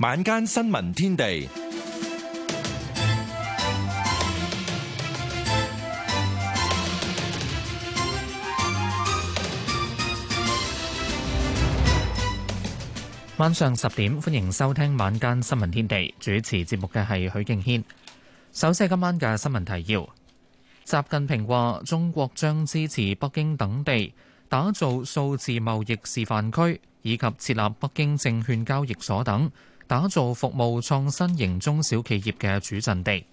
晚間新聞天地。晚上十點，歡迎收聽晚間新聞天地。主持節目嘅係許敬軒。首先係今晚嘅新聞提要。習近平話，中國將支持北京等地打造數字貿易示範區，以及設立北京證券交易所等。打造服務創新型中小企業嘅主陣地。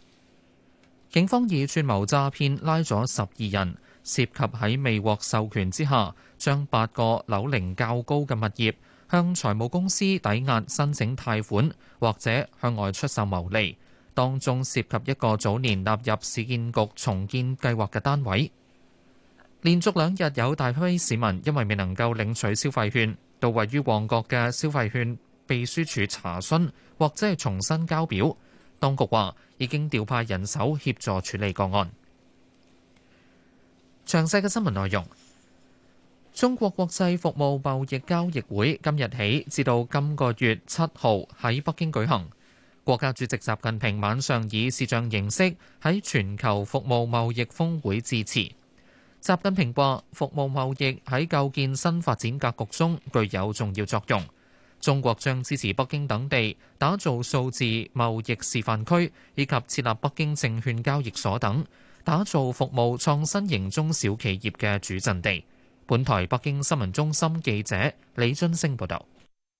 警方以串謀詐騙拉咗十二人，涉及喺未獲授權之下，將八個樓齡較高嘅物業向財務公司抵押申請貸款，或者向外出售牟利。當中涉及一個早年納入市建局重建計劃嘅單位。連續兩日有大批市民因為未能夠領取消費券，到位於旺角嘅消費券秘書處查詢或者係重新交表。當局話已經調派人手協助處理個案。詳細嘅新聞內容，中國國際服務貿易交易會今日起至到今個月七號喺北京舉行。國家主席習近平晚上以視像形式喺全球服務貿易峰會致辭。習近平話：服務貿易喺構建新發展格局中具有重要作用。中國將支持北京等地打造數字貿易示範區，以及設立北京證券交易所等，打造服務創新型中小企業嘅主陣地。本台北京新聞中心記者李津星報道。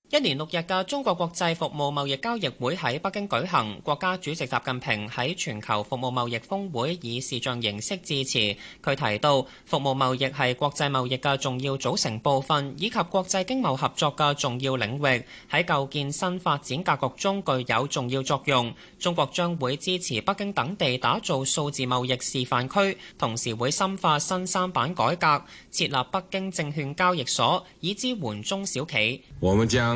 一年六日嘅中國國際服務貿易交易會喺北京舉行，國家主席習近平喺全球服務貿易峰會以視像形式致辭。佢提到，服務貿易係國際貿易嘅重要組成部分，以及國際經貿合作嘅重要領域，喺構建新發展格局中具有重要作用。中國將會支持北京等地打造數字貿易示範區，同時會深化新三板改革，設立北京證券交易所，以支援中小企。我們將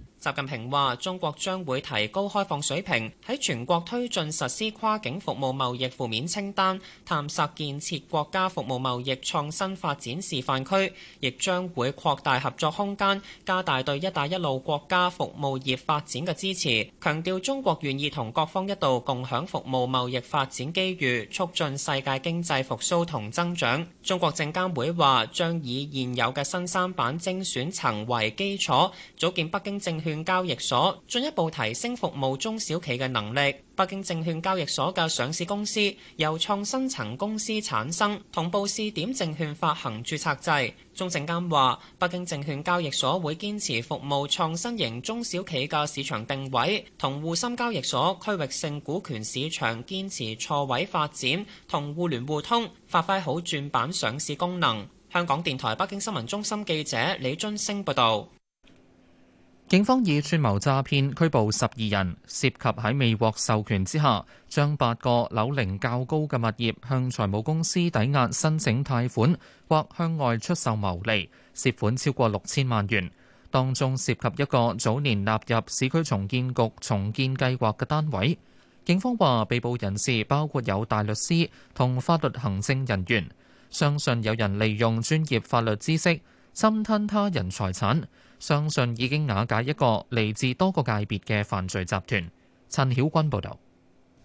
習近平話中國將會提高開放水平，喺全國推進實施跨境服務貿易負面清單，探索建設國家服務貿易創新發展示範區，亦將會擴大合作空間，加大對「一帶一路」國家服務業發展嘅支持。強調中國願意同各方一道共享服務貿易發展機遇，促進世界經濟復蘇同增長。中國證監會話將以現有嘅新三板精選層為基礎，組建北京證券。券交易所，進一步提升服務中小企嘅能力。北京證券交易所嘅上市公司由創新層公司產生，同步試點證券發行注冊制。中證監話，北京證券交易所會堅持服務創新型中小企嘅市場定位，同滬深交易所區域性股權市場堅持錯位發展同互聯互通，發揮好轉板上市功能。香港電台北京新聞中心記者李津星報道。警方以串謀詐騙拘捕十二人，涉及喺未獲授權之下，將八個樓齡較高嘅物業向財務公司抵押申請貸款，或向外出售牟利，涉款超過六千萬元。當中涉及一個早年納入市區重建局重建計劃嘅單位。警方話，被捕人士包括有大律師同法律行政人員，相信有人利用專業法律知識，侵吞他人財產。相信已經瓦解一個嚟自多個界別嘅犯罪集團。陳曉君報導。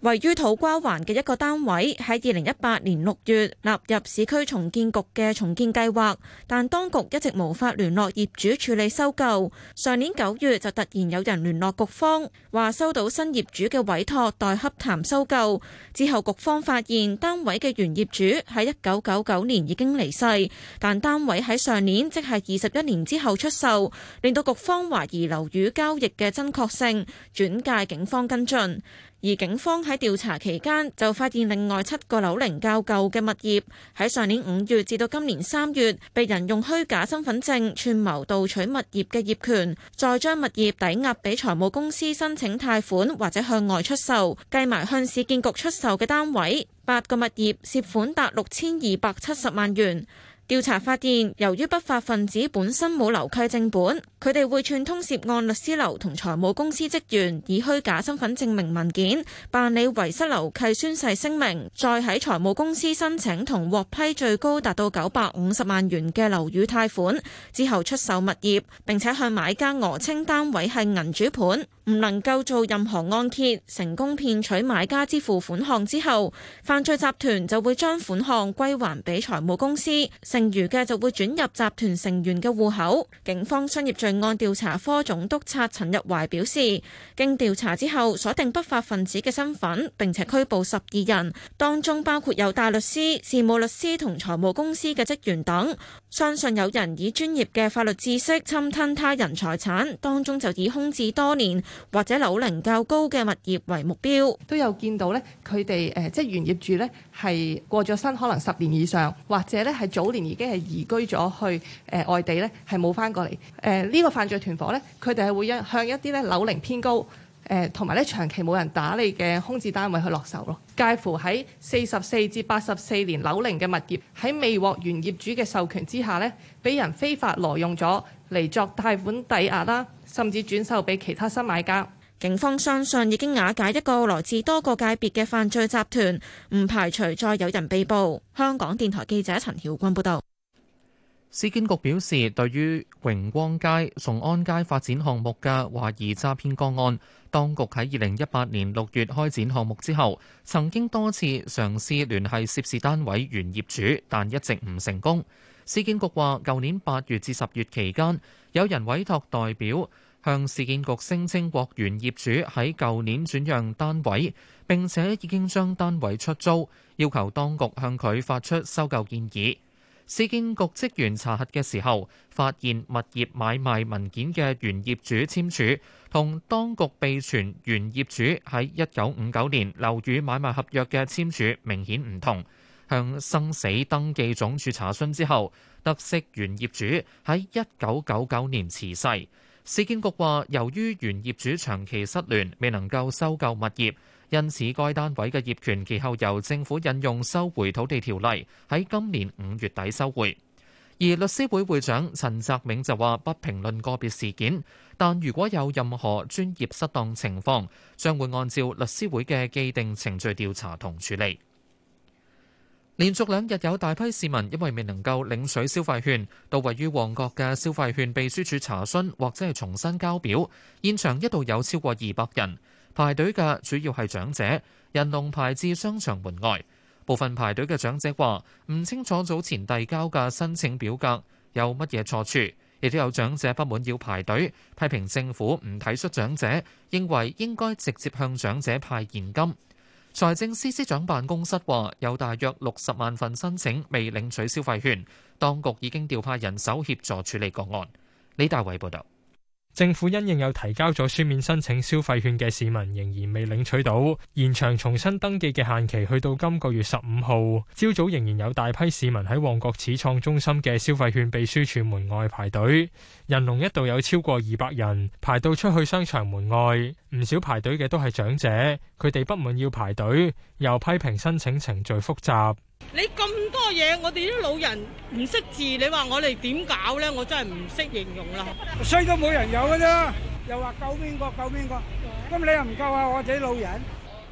位於土瓜灣嘅一個單位喺二零一八年六月納入市區重建局嘅重建計劃，但當局一直無法聯絡業主處理收購。上年九月就突然有人聯絡局方，話收到新業主嘅委託代洽談收購。之後局方發現單位嘅原業主喺一九九九年已經離世，但單位喺上年即係二十一年之後出售，令到局方懷疑樓宇交易嘅真確性，轉介警方跟進。而警方喺調查期間就發現另外七個樓齡較舊嘅物業，喺上年五月至到今年三月，被人用虛假身份證串謀盜取物業嘅業權，再將物業抵押俾財務公司申請貸款或者向外出售，計埋向市建局出售嘅單位，八個物業涉款達六千二百七十萬元。調查發現，由於不法分子本身冇樓契正本，佢哋會串通涉案律師樓同財務公司職員，以虛假身份證明文件辦理遺失樓契宣誓聲明，再喺財務公司申請同獲批最高達到九百五十萬元嘅樓宇貸款，之後出售物業，並且向買家訛稱單位係銀主盤。唔能夠做任何按揭，成功騙取買家支付款項之後，犯罪集團就會將款項歸還俾財務公司，剩餘嘅就會轉入集團成員嘅戶口。警方商業罪案調查科總督察陳日懷表示，經調查之後，鎖定不法分子嘅身份，並且拘捕十二人，當中包括有大律師、事務律師同財務公司嘅職員等。相信有人以專業嘅法律知識侵吞他人財產，當中就以空置多年或者樓齡較高嘅物業為目標。都有見到呢佢哋誒即係原業主呢係過咗身，可能十年以上，或者呢係早年已經係移居咗去誒外地呢係冇翻過嚟。誒呢、呃呢個犯罪團伙呢，佢哋係會向一啲咧樓齡偏高。誒同埋咧，長期冇人打理嘅空置單位去落手咯，介乎喺四十四至八十四年樓齡嘅物業，喺未獲原業主嘅授權之下咧，俾人非法挪用咗嚟作貸款抵押啦，甚至轉售俾其他新買家。警方相信已經瓦解一個來自多個界別嘅犯罪集團，唔排除再有人被捕。香港電台記者陳曉君報道。市建局表示，對於榮光街、崇安街發展項目嘅懷疑詐騙個案，當局喺二零一八年六月開展項目之後，曾經多次嘗試聯繫涉事單位原業主，但一直唔成功。市建局話，舊年八月至十月期間，有人委託代表向市建局聲稱獲原業主喺舊年轉讓單位，並且已經將單位出租，要求當局向佢發出收購建議。市建局職員查核嘅時候，發現物業買賣文件嘅原業主簽署，同當局備存原業主喺一九五九年樓宇買賣合約嘅簽署明顯唔同。向生死登記總署查詢之後，得悉原業主喺一九九九年辭世。市建局話，由於原業主長期失聯，未能夠收購物業。因此，該單位嘅業權，其後由政府引用收回土地條例，喺今年五月底收回。而律師會會長陳澤銘就話：不評論個別事件，但如果有任何專業失當情況，將會按照律師會嘅既定程序調查同處理。連續兩日有大批市民因為未能夠領取消費券，到位於旺角嘅消費券秘書處查詢或者係重新交表，現場一度有超過二百人。排隊嘅主要係長者，人龍排至商場門外。部分排隊嘅長者話：唔清楚早前遞交嘅申請表格有乜嘢錯處。亦都有長者不滿要排隊，批評政府唔體恤長者，認為應該直接向長者派現金。財政司司長辦公室話：有大約六十萬份申請未領取消費券，當局已經調派人手協助處理個案。李大偉報導。政府因應有提交咗書面申請消費券嘅市民仍然未領取到，延長重新登記嘅限期去到今個月十五號。朝早仍然有大批市民喺旺角始創中心嘅消費券秘書處門外排隊，人龍一度有超過二百人排到出去商場門外。唔少排隊嘅都係長者，佢哋不滿要排隊，又批評申請程序複雜。你咁多嘢，我哋啲老人唔識字，你話我哋點搞咧？我真係唔識形容啦。衰都冇人有嘅啫，又話救邊個救邊個，咁你又唔救下、啊、我哋啲老人，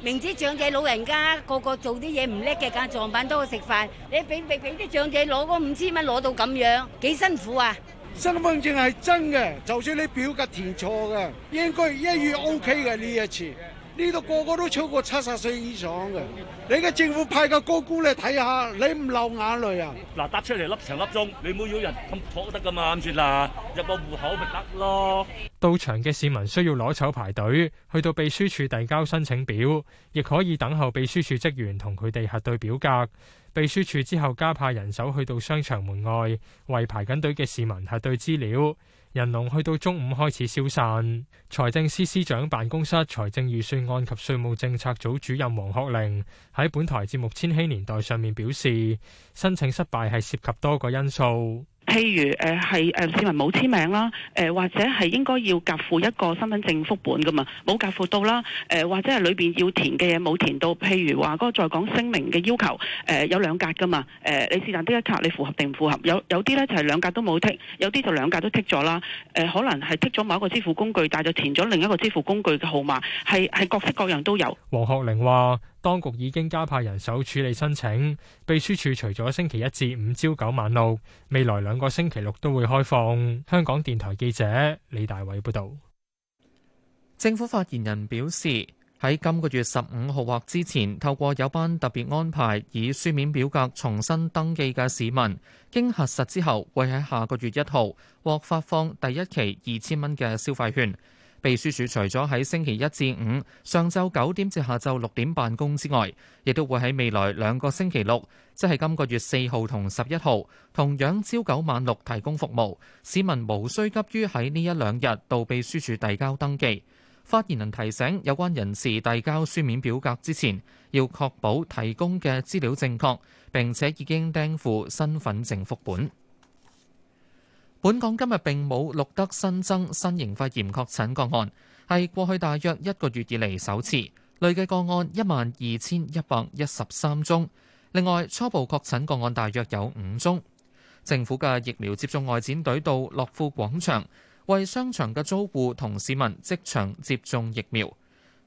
明知長者老人家個個做啲嘢唔叻嘅，假撞板都去食飯，你俾俾俾啲長者攞嗰五千蚊攞到咁樣，幾辛苦啊？身份證係真嘅，就算你表格填錯嘅，應該一於 OK 嘅呢一次。呢度個個都超過七十歲以上嘅，你嘅政府派個高官嚟睇下，你唔流眼淚啊？嗱，搭出嚟粒長粒鐘，你冇要人咁妥得噶嘛？咁算啦，入個戶口咪得咯。到場嘅市民需要攞籌排隊，去到秘書處遞交申請表，亦可以等候秘書處職員同佢哋核對表格。秘書處之後加派人手去到商場門外，為排緊隊嘅市民核對資料。人龍去到中午開始消散。財政司司長辦公室財政預算案及稅務政策組主任黃學玲喺本台節目《千禧年代》上面表示，申請失敗係涉及多個因素。譬如誒係誒市民冇簽名啦，誒、呃、或者係應該要夾付一個身份證副本噶嘛，冇夾付到啦，誒、呃、或者係裏邊要填嘅嘢冇填到，譬如話嗰個在港聲明嘅要求，誒、呃、有兩格噶嘛，誒、呃、你是但呢一格，你符合定唔符合？有有啲咧就係、是、兩格都冇剔，有啲就兩格都剔咗啦，誒、呃、可能係剔咗某一個支付工具，但係就填咗另一個支付工具嘅號碼，係係各式各樣都有。黃學玲話。當局已經加派人手處理申請，秘書處除咗星期一至五朝九晚六，未來兩個星期六都會開放。香港電台記者李大偉報導。政府發言人表示，喺今個月十五號或之前，透過有班特別安排以書面表格重新登記嘅市民，經核實之後，會喺下個月一號獲發放第一期二千蚊嘅消費券。秘書處除咗喺星期一至五上晝九點至下晝六點辦公之外，亦都會喺未來兩個星期六，即係今個月四號同十一號，同樣朝九晚六提供服務。市民無需急於喺呢一兩日到秘書處遞交登記。發言人提醒有關人士遞交書面表格之前，要確保提供嘅資料正確，並且已經釘附身份證副本。本港今日並冇錄得新增新型肺炎確診個案，係過去大約一個月以嚟首次，累計個案一萬二千一百一十三宗。另外，初步確診個案大約有五宗。政府嘅疫苗接種外展隊到樂富廣場，為商場嘅租戶同市民即場接種疫苗。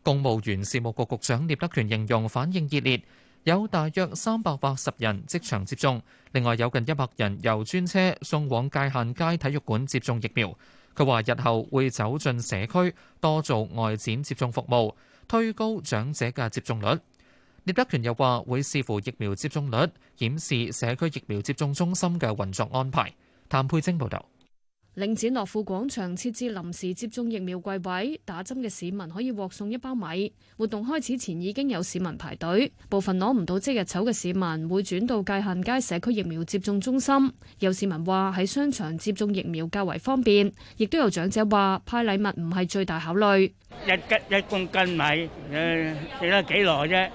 公務員事務局局，局長聶德權形容反應熱烈。有大約三百八十人即場接種，另外有近一百人由專車送往界限街體育館接種疫苗。佢話日後會走進社區，多做外展接種服務，推高長者嘅接種率。聶德權又話會視乎疫苗接種率，顯示社區疫苗接種中心嘅運作安排。譚佩晶報導。領展樂富廣場設置臨時接種疫苗櫃位，打針嘅市民可以獲送一包米。活動開始前已經有市民排隊，部分攞唔到即日籌嘅市民會轉到界限街社區疫苗接種中心。有市民話喺商場接種疫苗較為方便，亦都有長者話派禮物唔係最大考慮。一吉一公斤米，誒，食得幾耐啫？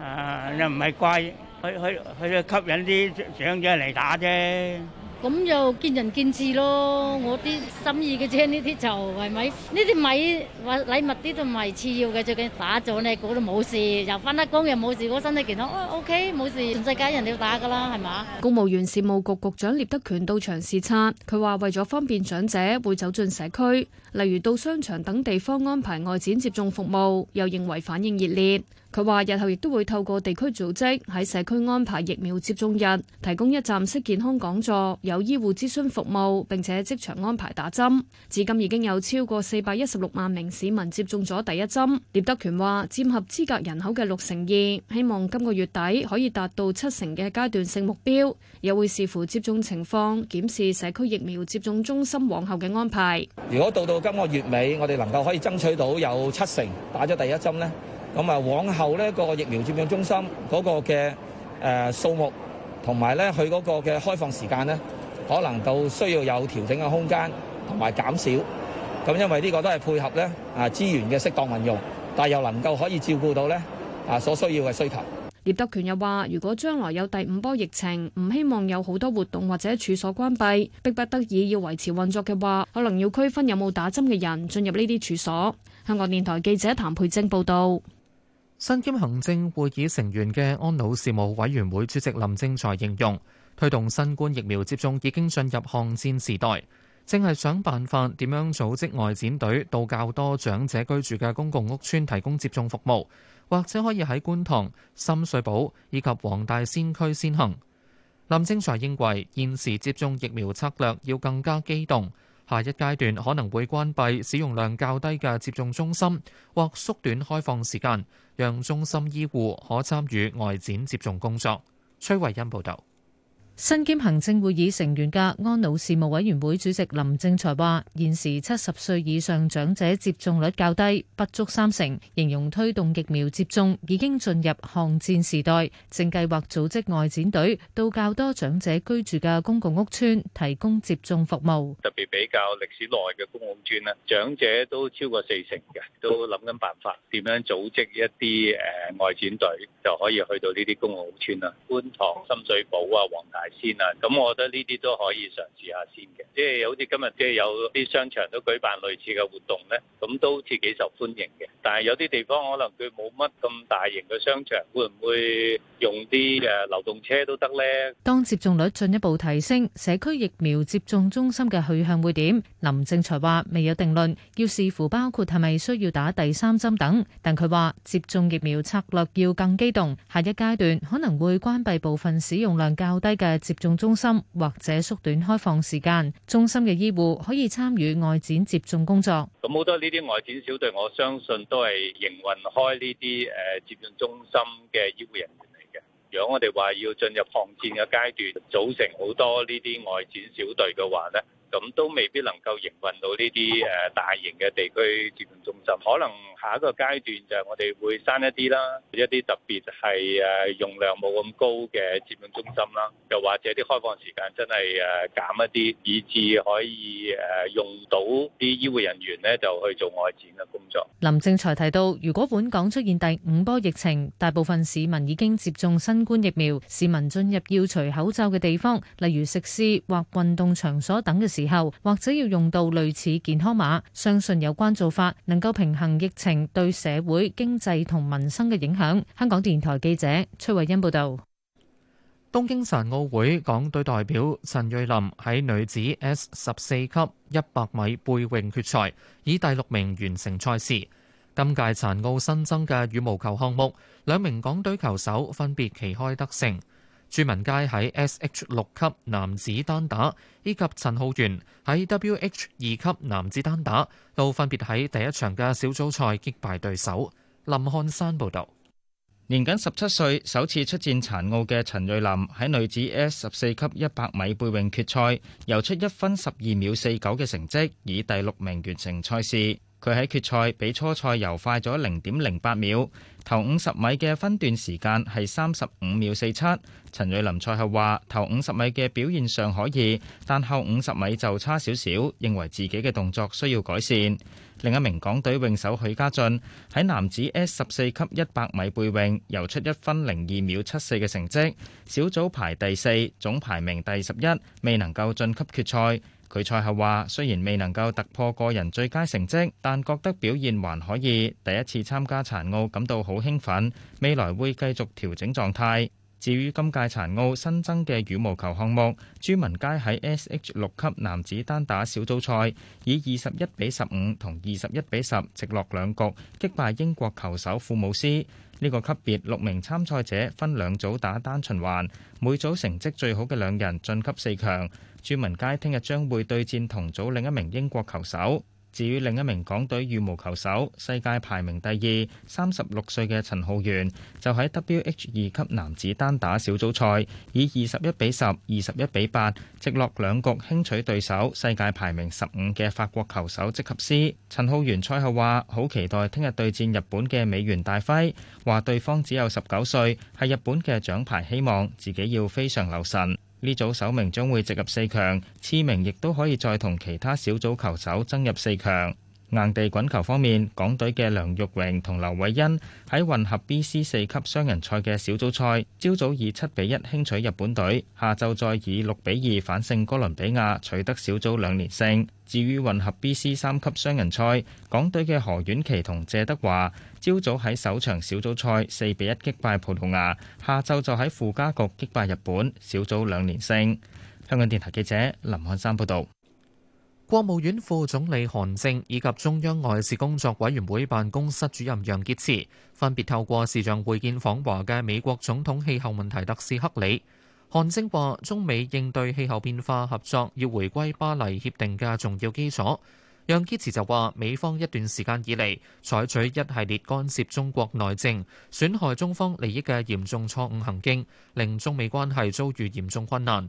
啊，又唔係貴，去去去吸引啲長者嚟打啫。咁又見仁見智咯。我啲心意嘅啫，呢啲就係咪呢啲米話禮物啲都唔係次要嘅，最緊打咗你個都冇事，又返得工又冇事，個身體健康啊，OK 冇事，全世界人要打噶啦，係嘛？公務員事務局局長聶德權到場視察，佢話為咗方便長者，會走進社區，例如到商場等地方安排外展接種服務，又認為反應熱烈。佢話：日後亦都會透過地區組織喺社區安排疫苗接種日，提供一站式健康講座、有醫護諮詢服務，並且即場安排打針。至今已經有超過四百一十六萬名市民接種咗第一針。聶德權話：佔合資格人口嘅六成二，希望今個月底可以達到七成嘅階段性目標，也會視乎接種情況檢視社區疫苗接種中心往後嘅安排。如果到到今個月尾，我哋能夠可以爭取到有七成打咗第一針呢？咁啊，往後咧個疫苗接種中心嗰個嘅誒數目，同埋咧佢嗰個嘅開放時間咧，可能到需要有調整嘅空間，同埋減少。咁因為呢個都係配合咧啊資源嘅適當運用，但係又能夠可以照顧到咧啊所需要嘅需求。聶德權又話，如果將來有第五波疫情，唔希望有好多活動或者處所關閉，迫不得已要維持運作嘅話，可能要區分有冇打針嘅人進入呢啲處所。香港電台記者譚佩晶報道。身兼行政會議成員嘅安老事務委員會主席林正才形容，推動新冠疫苗接種已經進入巷戰時代，正係想辦法點樣組織外展隊到較多長者居住嘅公共屋邨提供接種服務，或者可以喺觀塘、深水埗以及黃大仙區先行。林正才認為，現時接種疫苗策略要更加機動。下一階段可能會關閉使用量較低嘅接種中心，或縮短開放時間，讓中心醫護可參與外展接種工作。崔慧欣報道。身兼行政會議成員嘅安老事務委員會主席林正財話，現時七十歲以上長者接種率較低，不足三成，形容推動疫苗接種已經進入巷戰時代，正計劃組織外展隊到較多長者居住嘅公共屋邨提供接種服務。特別比較歷史內嘅公共屋邨咧，長者都超過四成嘅，都諗緊辦法點樣組織一啲誒。外展隊就可以去到呢啲公屋邨啦，觀塘、深水埗啊、黃大仙啊，咁我覺得呢啲都可以嘗試下先嘅。即係好似今日即係有啲商場都舉辦類似嘅活動咧，咁都好似幾受歡迎嘅。但係有啲地方可能佢冇乜咁大型嘅商場，會唔會用啲誒流動車都得咧？當接種率進一步提升，社區疫苗接種中心嘅去向會點？林正財話未有定論，要視乎包括係咪需要打第三針等。但佢話接種疫苗差。策略要更機動，下一階段可能會關閉部分使用量較低嘅接種中心，或者縮短開放時間。中心嘅醫護可以參與外展接種工作。咁好多呢啲外展小隊，我相信都係營運開呢啲誒接種中心嘅醫護人員嚟嘅。如果我哋話要進入抗戰嘅階段，組成好多呢啲外展小隊嘅話咧。咁都未必能夠營運到呢啲誒大型嘅地區接種中心，可能下一個階段就係我哋會閂一啲啦，一啲特別係誒用量冇咁高嘅接種中心啦，又或者啲開放時間真係誒減一啲，以至可以誒用到啲醫護人員呢就去做外展嘅工作。林鄭才提到，如果本港出現第五波疫情，大部分市民已經接種新冠疫苗，市民進入要除口罩嘅地方，例如食肆或運動場所等嘅時候，時候或者要用到類似健康碼，相信有關做法能夠平衡疫情對社會、經濟同民生嘅影響。香港電台記者崔慧欣報道。東京殘奧會港隊代表陳瑞琳喺女子 S 十四級一百米背泳決賽以第六名完成賽事。今屆殘奧新增嘅羽毛球項目，兩名港隊球手分別旗開得勝。朱文佳喺 S.H. 六級男子單打，以及陳浩源喺 W.H. 二級男子單打，都分別喺第一場嘅小組賽擊敗對手。林漢山報道：年僅十七歲，首次出戰殘奧嘅陳瑞琳喺女子 S 十四級一百米背泳決，決賽，游出一分十二秒四九嘅成績，以第六名完成賽事。佢喺決賽比初賽遊快咗零點零八秒，頭五十米嘅分段時間係三十五秒四七。陳瑞林賽後話：頭五十米嘅表現尚可以，但後五十米就差少少，認為自己嘅動作需要改善。另一名港隊泳手許家俊喺男子 S 十四級一百米背泳遊出一分零二秒七四嘅成績，小組排第四，總排名第十一，未能夠晉級決賽。佢賽後話：雖然未能夠突破個人最佳成績，但覺得表現還可以。第一次參加殘奧感到好興奮，未來會繼續調整狀態。至於今屆殘奧新增嘅羽毛球項目，朱文佳喺 S.H. 六級男子單打小組賽以二十一比十五同二十一比十直落兩局擊敗英國球手庫姆斯。呢個級別六名參賽者分兩組打單循環，每組成績最好嘅兩人晉級四強。朱文佳聽日將會對戰同組另一名英國球手。至於另一名港隊羽毛球手、世界排名第二、三十六歲嘅陳浩源，就喺 W H 二級男子單打小組賽以二十一比十、二十一比八直落兩局輕取對手、世界排名十五嘅法國球手即及斯。陳浩源賽後話：好期待聽日對戰日本嘅美元大輝，話對方只有十九歲，係日本嘅獎牌，希望自己要非常留神。呢組首名將會直入四強，次名亦都可以再同其他小組球手爭入四強。硬地滾球方面，港隊嘅梁育榮同劉慧茵喺混合 B C 四級雙人賽嘅小組賽，朝早以七比一輕取日本隊，下晝再以六比二反勝哥倫比亞，取得小組兩連勝。至於混合 B C 三級雙人賽，港隊嘅何婉琪同謝德華，朝早喺首場小組賽四比一擊敗葡萄牙，下晝就喺附加局擊敗日本，小組兩連勝。香港電台記者林漢山報導。國務院副總理韓正以及中央外事工作委員會辦公室主任楊潔篪分別透過視像會見訪華嘅美國總統氣候問題特使克里。韓正話：中美應對氣候變化合作要回歸巴黎協定嘅重要基礎。楊潔篪就話：美方一段時間以嚟採取一系列干涉中國內政、損害中方利益嘅嚴重錯誤行徑，令中美關係遭遇嚴重困難。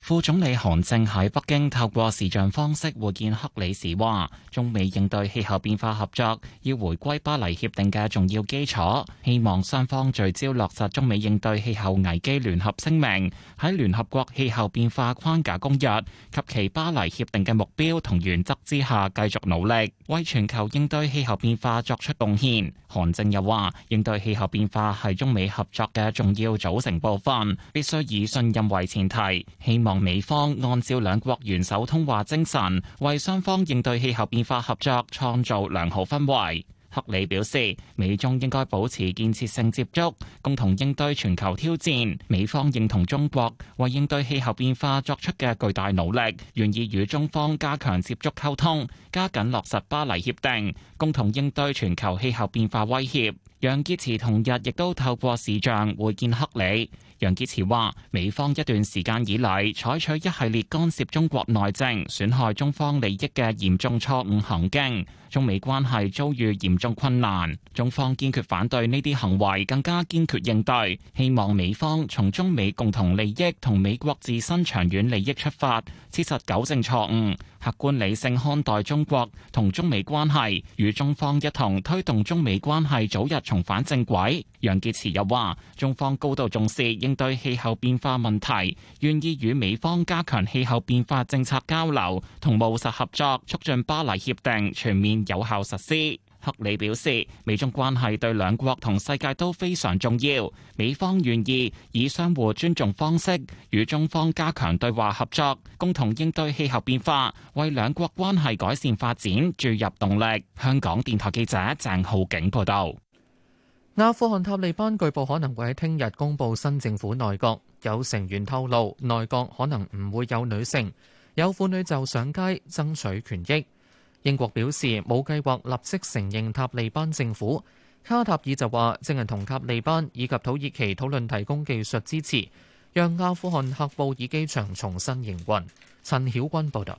副總理韓正喺北京透過視像方式會見克里時話，中美應對氣候變化合作要回歸巴黎協定嘅重要基礎，希望雙方聚焦落實中美應對氣候危機聯合聲明，喺聯合國氣候變化框架公約及其巴黎協定嘅目標同原則之下繼續努力，為全球應對氣候變化作出貢獻。韓正又話，應對氣候變化係中美合作嘅重要組成部分，必須以信任為前提，希。望美方按照兩國元首通話精神，為雙方應對氣候變化合作創造良好氛圍。克里表示，美中應該保持建設性接觸，共同應對全球挑戰。美方認同中國為應對氣候變化作出嘅巨大努力，願意與中方加強接觸溝通，加緊落實巴黎協定，共同應對全球氣候變化威脅。楊潔篪同日亦都透過視像會見克里。楊潔篪話：美方一段時間以嚟採取一系列干涉中國內政、損害中方利益嘅嚴重錯誤行徑，中美關係遭遇嚴重困難。中方堅決反對呢啲行為，更加堅決應對。希望美方從中美共同利益同美國自身長遠利益出發，切實糾正錯誤。客觀理性，看待中國同中美關係，與中方一同推動中美關係早日重返正軌。楊潔篪又話：中方高度重視應對氣候變化問題，願意與美方加強氣候變化政策交流同務實合作，促進巴黎協定全面有效實施。克里表示，美中關係對兩國同世界都非常重要，美方願意以相互尊重方式與中方加強對話合作，共同應對氣候變化，為兩國關係改善發展注入動力。香港電台記者鄭浩景報道。阿富汗塔利班據報可能會喺聽日公布新政府內閣，有成員透露，內閣可能唔會有女性，有婦女就上街爭取權益。英國表示冇計劃立即承認塔利班政府，卡塔爾就話正係同塔利班以及土耳其討論提供技術支持，讓阿富汗喀布爾機場重新營運。陳曉君報導。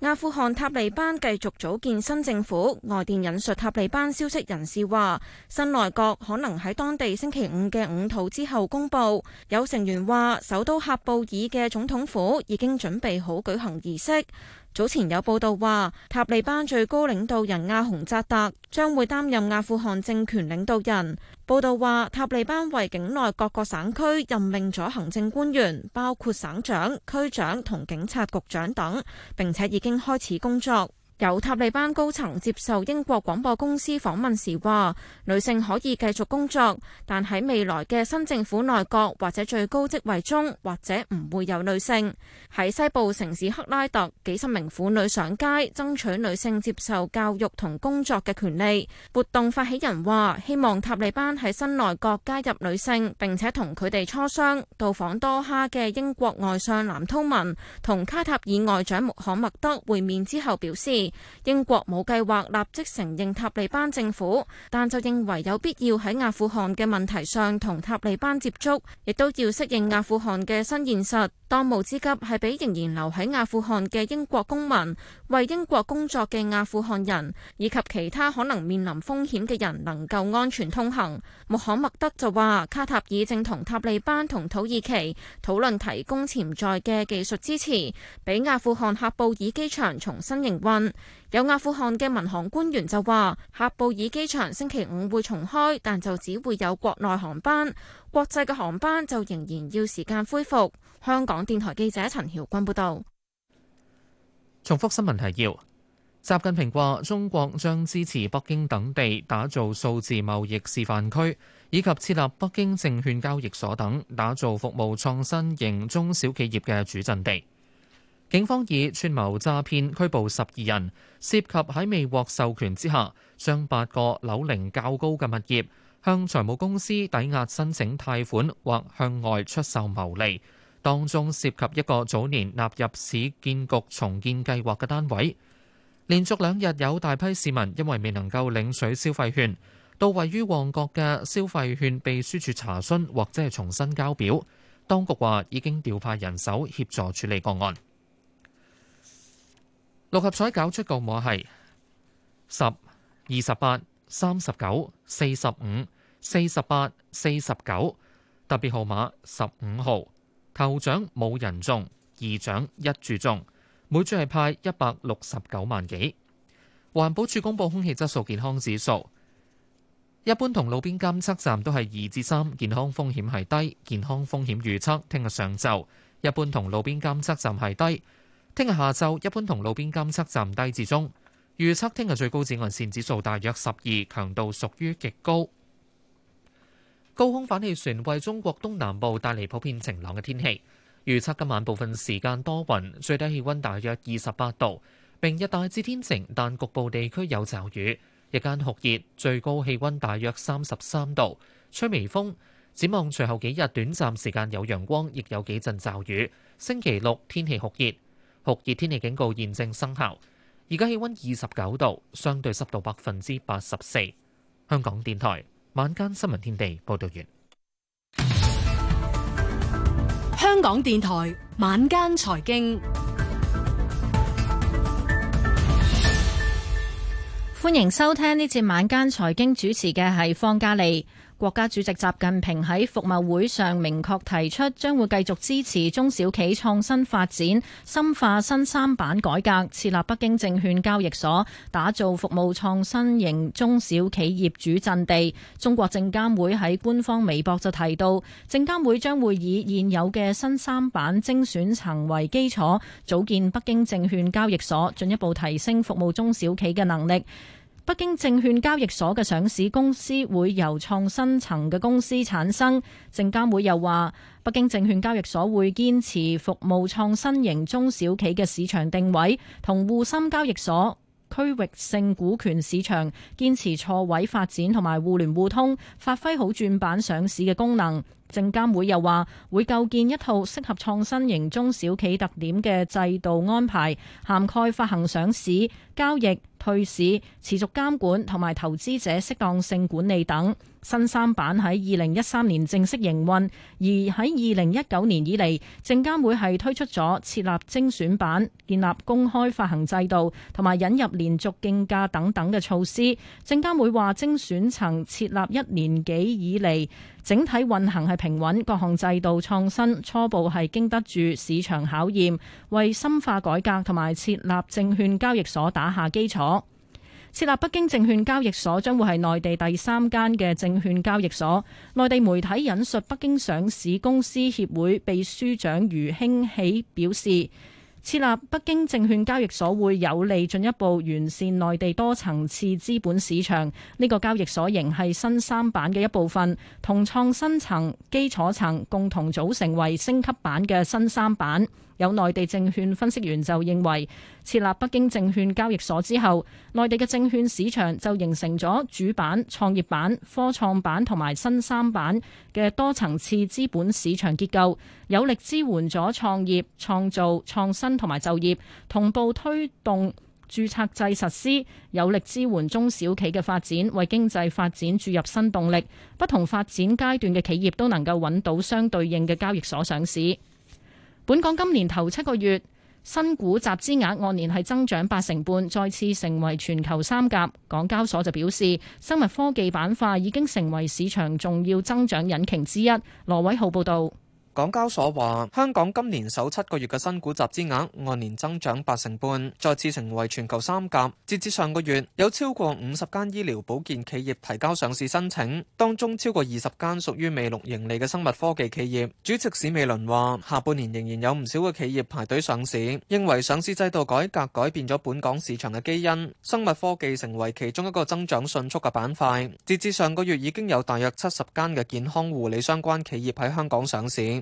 阿富汗塔利班繼續組建新政府，外電引述塔利班消息人士話，新內閣可能喺當地星期五嘅午禱之後公布。有成員話，首都喀布爾嘅總統府已經準備好舉行儀式。早前有報道話，塔利班最高領導人阿洪扎達將會擔任阿富汗政權領導人。報道話，塔利班為境內各個省區任命咗行政官員，包括省長、區長同警察局長等，並且已經開始工作。有塔利班高層接受英國廣播公司訪問時話：女性可以繼續工作，但喺未來嘅新政府內閣或者最高職位中，或者唔會有女性。喺西部城市克拉特，幾十名婦女上街爭取女性接受教育同工作嘅權利。活動發起人話：希望塔利班喺新內閣加入女性，並且同佢哋磋商。到訪多哈嘅英國外相藍韜文同卡塔爾外長穆罕默德會面之後表示，英國冇計劃立即承認塔利班政府，但就認為有必要喺阿富汗嘅問題上同塔利班接觸，亦都要適應阿富汗嘅新現實。當務之急係俾仍然留喺阿富汗嘅英國公民。為英國工作嘅阿富汗人以及其他可能面臨風險嘅人能夠安全通行，穆罕默德就話：卡塔爾正同塔利班同土耳其討論提供潛在嘅技術支持，俾阿富汗喀布爾機場重新營運。有阿富汗嘅民航官員就話：喀布爾機場星期五會重開，但就只會有國內航班，國際嘅航班就仍然要時間恢復。香港電台記者陳曉君報道。重複新聞提要：習近平話，中國將支持北京等地打造數字貿易示範區，以及設立北京證券交易所等，打造服務創新型中小企業嘅主陣地。警方以串謀詐騙拘捕十二人，涉及喺未獲授權之下，將八個樓齡較高嘅物業向財務公司抵押申請貸款，或向外出售牟利。當中涉及一個早年納入市建局重建計劃嘅單位，連續兩日有大批市民因為未能夠領取消費券，到位於旺角嘅消費券秘書處查詢或者係重新交表。當局話已經調派人手協助處理個案。六合彩攪出個碼係十二、十八、三十九、四十五、四十八、四十九，特別號碼十五號。頭獎冇人中，二獎一注中，每注係派一百六十九萬幾。環保署公布空氣質素健康指數，一般同路邊監測站都係二至三，健康風險係低。健康風險預測聽日上晝一般同路邊監測站係低，聽日下晝一般同路邊監測站低至中。預測聽日最高紫外線指數大約十二，強度屬於極高。高空反氣旋為中國東南部帶嚟普遍晴朗嘅天氣。預測今晚部分時間多雲，最低氣温大約二十八度。明日大致天晴，但局部地區有驟雨。日間酷熱，最高氣温大約三十三度，吹微風。展望隨後幾日短暫時間有陽光，亦有幾陣驟雨。星期六天氣酷熱，酷熱天氣警告現正生效。而家氣温二十九度，相對濕度百分之八十四。香港電台。晚間新聞天地報道完。香港電台晚間財經，歡迎收聽呢節晚間財經，主持嘅係方嘉莉。國家主席習近平喺服貿會上明確提出，將會繼續支持中小企創新發展，深化新三板改革，設立北京證券交易所，打造服務創新型中小企業主陣地。中國證監會喺官方微博就提到，證監會將會以現有嘅新三板精選層為基礎，組建北京證券交易所，進一步提升服務中小企嘅能力。北京證券交易所嘅上市公司會由創新層嘅公司產生。證監會又話：北京證券交易所會堅持服務創新型中小企嘅市場定位，同滬深交易所區域性股權市場堅持錯位發展同埋互聯互通，發揮好轉板上市嘅功能。證監會又話，會構建一套適合創新型中小企特點嘅制度安排，涵蓋發行上市、交易。退市、持續監管同埋投資者適當性管理等。新三板喺二零一三年正式營運，而喺二零一九年以嚟，證監會係推出咗設立精選板、建立公開發行制度同埋引入連續競價等等嘅措施。證監會話，精選層設立一年幾以嚟，整體運行係平穩，各項制度創新初步係經得住市場考驗，為深化改革同埋設立證券交易所打下基礎。設立北京證券交易所將會係內地第三間嘅證券交易所。內地媒體引述北京上市公司協會秘書長余興喜表示，設立北京證券交易所會有利進一步完善內地多層次資本市場。呢、這個交易所仍係新三板嘅一部分，同創新層、基礎層共同組成為升級版嘅新三板。有內地證券分析員就認為，設立北京證券交易所之後，內地嘅證券市場就形成咗主板、創業板、科創板同埋新三板嘅多層次資本市場結構，有力支援咗創業、創造、創新同埋就業，同步推動註冊制實施，有力支援中小企嘅發展，為經濟發展注入新動力。不同發展階段嘅企業都能夠揾到相對應嘅交易所上市。本港今年頭七個月，新股集資額按年係增長八成半，再次成為全球三甲。港交所就表示，生物科技板塊已經成為市場重要增長引擎之一。羅偉浩報導。港交所話香港今年首七個月嘅新股集資額按年增長八成半，再次成為全球三甲。截至上個月，有超過五十間醫療保健企業提交上市申請，當中超過二十間屬於未錄盈利嘅生物科技企業。主席史美倫話下半年仍然有唔少嘅企業排隊上市，認為上市制度改革改變咗本港市場嘅基因，生物科技成為其中一個增長迅速嘅板塊。截至上個月，已經有大約七十間嘅健康護理相關企業喺香港上市。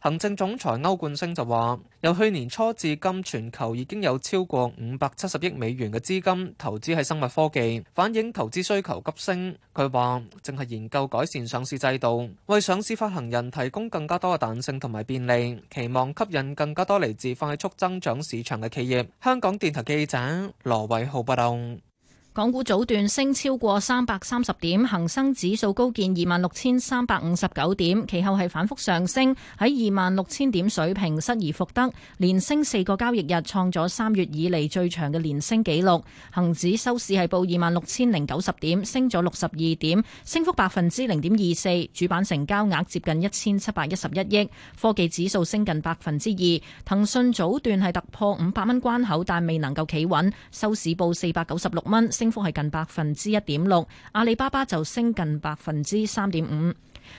行政總裁歐冠昇就話：由去年初至今，全球已經有超過五百七十億美元嘅資金投資喺生物科技，反映投資需求急升。佢話淨係研究改善上市制度，為上市發行人提供更加多嘅彈性同埋便利，期望吸引更加多嚟自快速增長市場嘅企業。香港電台記者羅偉浩報道。港股早段升超過三百三十點，恒生指數高見二萬六千三百五十九點，其後係反覆上升喺二萬六千點水平失而復得，連升四個交易日，創咗三月以嚟最長嘅連升紀錄。恒指收市係報二萬六千零九十點，升咗六十二點，升幅百分之零點二四。主板成交額接近一千七百一十一億，科技指數升近百分之二。騰訊早段係突破五百蚊關口，但未能夠企穩，收市報四百九十六蚊，升幅係近百分之一點六，阿里巴巴就升近百分之三點五。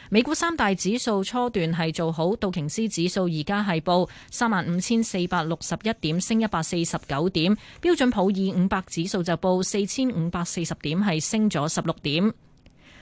美股三大指數初段係做好，道瓊斯指數而家係報三萬五千四百六十一點，升一百四十九點。標準普爾五百指數就報四千五百四十點，係升咗十六點。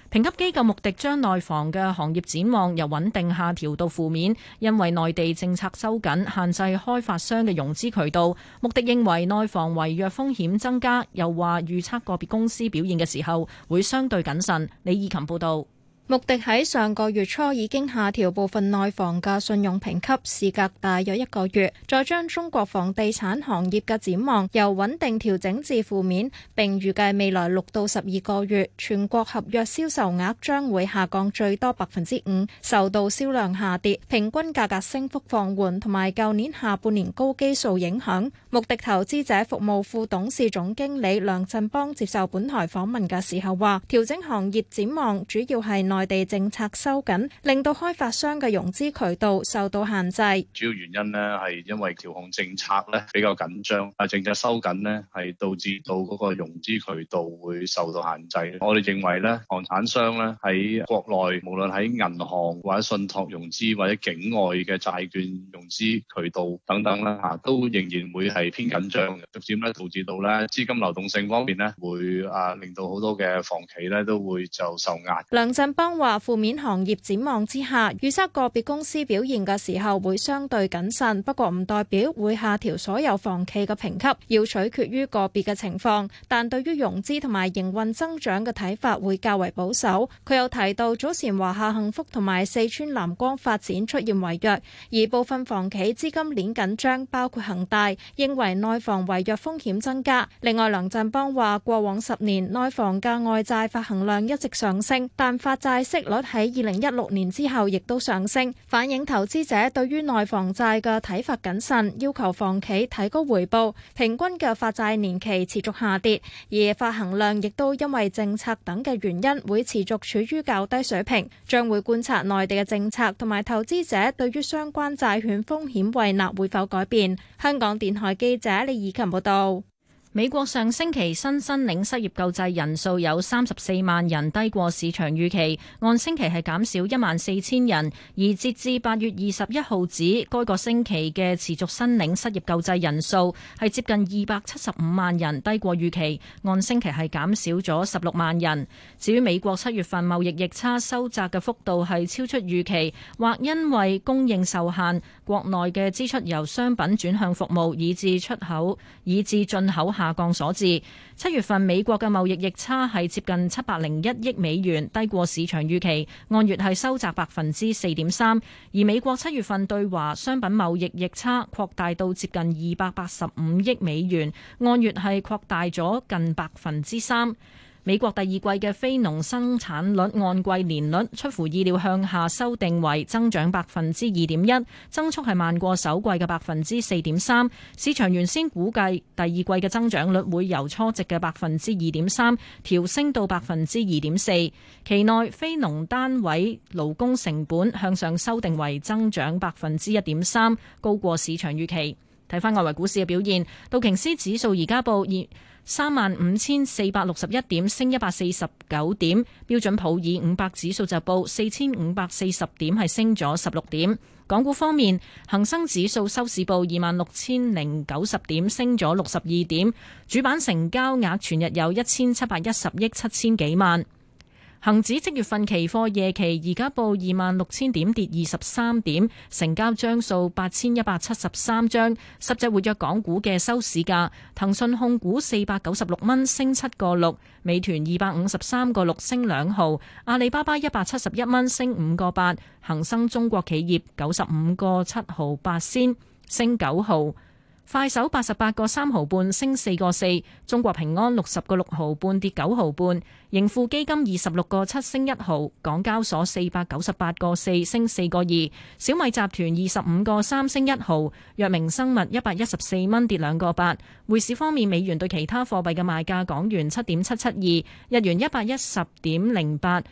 評級機構穆迪將內房嘅行業展望由穩定下調到負面，因為內地政策收緊，限制開發商嘅融資渠道。穆迪認為內房違約風險增加，又話預測個別公司表現嘅時候會相對謹慎。李以琴報道。穆迪喺上個月初已經下調部分內房嘅信用評級，事隔大約一個月，再將中國房地產行業嘅展望由穩定調整至負面，並預計未來六到十二個月全國合約銷售額將會下降最多百分之五。受到銷量下跌、平均價格升幅放緩同埋舊年下半年高基數影響，穆迪投資者服務副董事總經理梁振邦接受本台訪問嘅時候話：調整行業展望主要係內內地政策收緊，令到開發商嘅融資渠道受到限制。主要原因呢，係因為調控政策咧比較緊張，啊政策收緊呢，係導致到嗰個融資渠道會受到限制。我哋認為咧，房產商咧喺國內無論喺銀行或者信託融資，或者境外嘅債券融資渠道等等啦，吓都仍然會係偏緊張嘅，逐漸咧導致到咧資金流動性方面呢，會啊令到好多嘅房企咧都會就受壓。梁振邦。話負面行業展望之下，預測個別公司表現嘅時候會相對謹慎，不過唔代表會下調所有房企嘅評級，要取決於個別嘅情況。但對於融資同埋營運增長嘅睇法會較為保守。佢又提到早前華夏幸福同埋四川藍光發展出現違約，而部分房企資金鏈緊張，包括恒大，認為內房違約風險增加。另外，梁振邦話過往十年內房嘅外債發行量一直上升，但發債。息率喺二零一六年之後亦都上升，反映投資者對於內房債嘅睇法謹慎，要求房企提高回報。平均嘅發債年期持續下跌，而發行量亦都因為政策等嘅原因會持續處於較低水平。將會觀察內地嘅政策同埋投資者對於相關債券風險胃納會否改變。香港電台記者李以琴報道。美國上星期新申領失業救濟人數有三十四萬人，低過市場預期，按星期係減少一萬四千人。而截至八月二十一號止，該個星期嘅持續申領失業救濟人數係接近二百七十五萬人，低過預期，按星期係減少咗十六萬人。至於美國七月份貿易逆差收窄嘅幅度係超出預期，或因為供應受限，國內嘅支出由商品轉向服務，以至出口，以至進口限。下降所致。七月份美國嘅貿易逆差係接近七百零一億美元，低過市場預期。按月係收窄百分之四點三，而美國七月份對華商品貿易逆差擴大到接近二百八十五億美元，按月係擴大咗近百分之三。美國第二季嘅非農生產率按季年率出乎意料向下修訂為增長百分之二點一，增速係慢過首季嘅百分之四點三。市場原先估計第二季嘅增長率會由初值嘅百分之二點三調升到百分之二點四。期內非農單位勞工成本向上修訂為增長百分之一點三，高過市場預期。睇翻外圍股市嘅表現，道瓊斯指數而家報二三萬五千四百六十一點，升一百四十九點；標準普爾五百指數就報四千五百四十點，係升咗十六點。港股方面，恒生指數收市報二萬六千零九十點，升咗六十二點。主板成交額全日有一千七百一十億七千幾萬。恒指即月份期貨夜期而家報二萬六千點，跌二十三點，成交張數八千一百七十三張。十隻活躍港股嘅收市價：騰訊控股四百九十六蚊，升七個六；美團二百五十三個六，升兩毫；阿里巴巴一百七十一蚊，升五個八；恒生中國企業九十五個七毫八仙，升九毫。快手八十八個三毫半升四個四，中國平安六十個六毫半跌九毫半，盈富基金二十六個七升一毫，港交所四百九十八個四升四個二，小米集團二十五個三升一毫，藥明生物一百一十四蚊跌兩個八。匯市方面，美元對其他貨幣嘅賣價，港元七點七七二，日元一百一十點零八，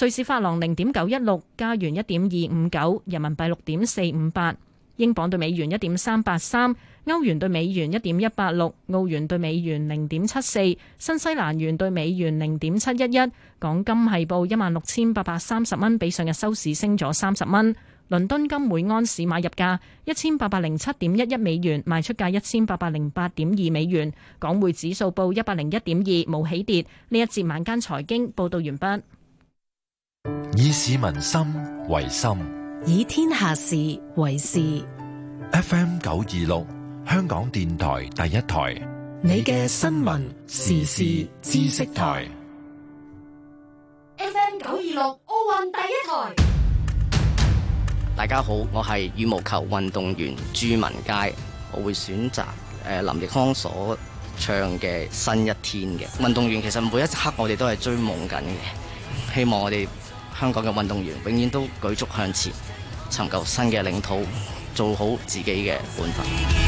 瑞士法郎零點九一六，加元一點二五九，人民幣六點四五八，英鎊對美元一點三八三。歐元對美元一點一八六，澳元對美元零點七四，新西蘭元對美元零點七一一。港金係報一萬六千八百三十蚊，比上日收市升咗三十蚊。倫敦金每安士買入價一千八百零七點一一美元，賣出價一千八百零八點二美元。港匯指數報一百零一點二，冇起跌。呢一節晚間財經報道完畢。以市民心為心，以天下事為事。F.M. 九二六。香港電台第一台，你嘅新聞時事知識台，FM 九二六奧運第一台。大家好，我係羽毛球運動員朱文佳，我會選擇誒林奕匡所唱嘅新一天嘅。運動員其實每一刻我哋都係追夢緊嘅，希望我哋香港嘅運動員永遠都舉足向前，尋求新嘅領土，做好自己嘅本分。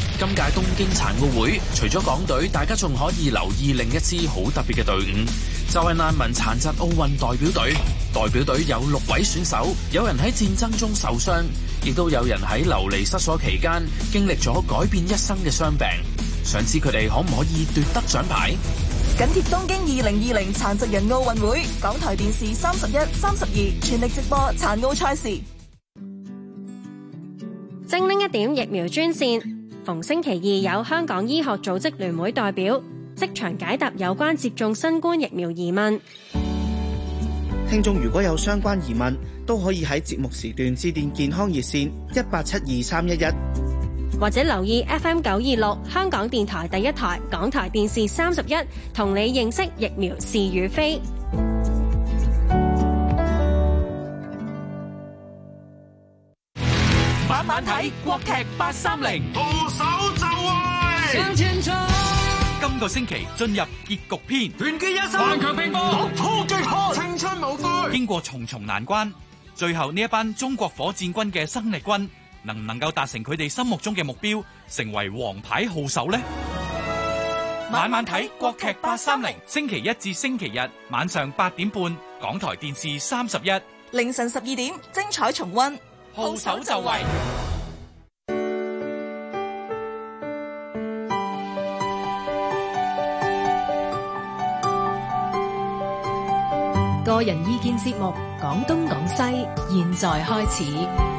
今屆東京殘奧會，除咗港隊，大家仲可以留意另一支好特別嘅隊伍，就係難民殘疾奧運代表隊。代表隊有六位選手，有人喺戰爭中受傷，亦都有人喺流離失所期間經歷咗改變一生嘅傷病。想知佢哋可唔可以奪得獎牌？緊貼東京二零二零殘疾人奧運會，港台電視三十一、三十二全力直播殘奧賽事。精靈一點疫苗專線。逢星期二有香港醫學組織聯會代表即場解答有關接種新冠疫苗疑問。聽眾如果有相關疑問，都可以喺節目時段致電健康熱線一八七二三一一，或者留意 FM 九二六香港電台第一台、港台電視三十一，同你認識疫苗是與非。晚晚睇國劇八三零。千千春，今個星期進入結局篇，團結一心，頑強拼搏，突破極限，青春無悔。經過重重難關，最後呢一班中國火箭軍嘅生力軍，能唔能夠達成佢哋心目中嘅目標，成為王牌號手呢？晚晚睇國劇八三零，星期一至星期日晚上八點半，港台電視三十一，凌晨十二點，精彩重溫，號手就位。個人意見節目《講東講西》，現在開始。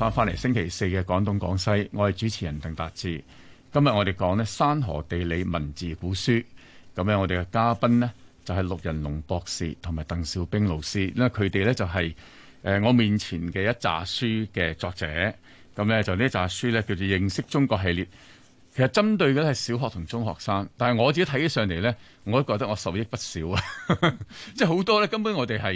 翻返嚟星期四嘅廣東廣西，我係主持人鄧達志。今日我哋講咧山河地理文字古書，咁咧我哋嘅嘉賓咧就係陸仁龍博士同埋鄧少兵老師，因為佢哋咧就係誒我面前嘅一紮書嘅作者。咁咧就呢一紮書咧叫做認識中國系列。其實針對嘅係小學同中學生，但係我自己睇起上嚟咧，我都覺得我受益不少啊！即係好多咧根本我哋係。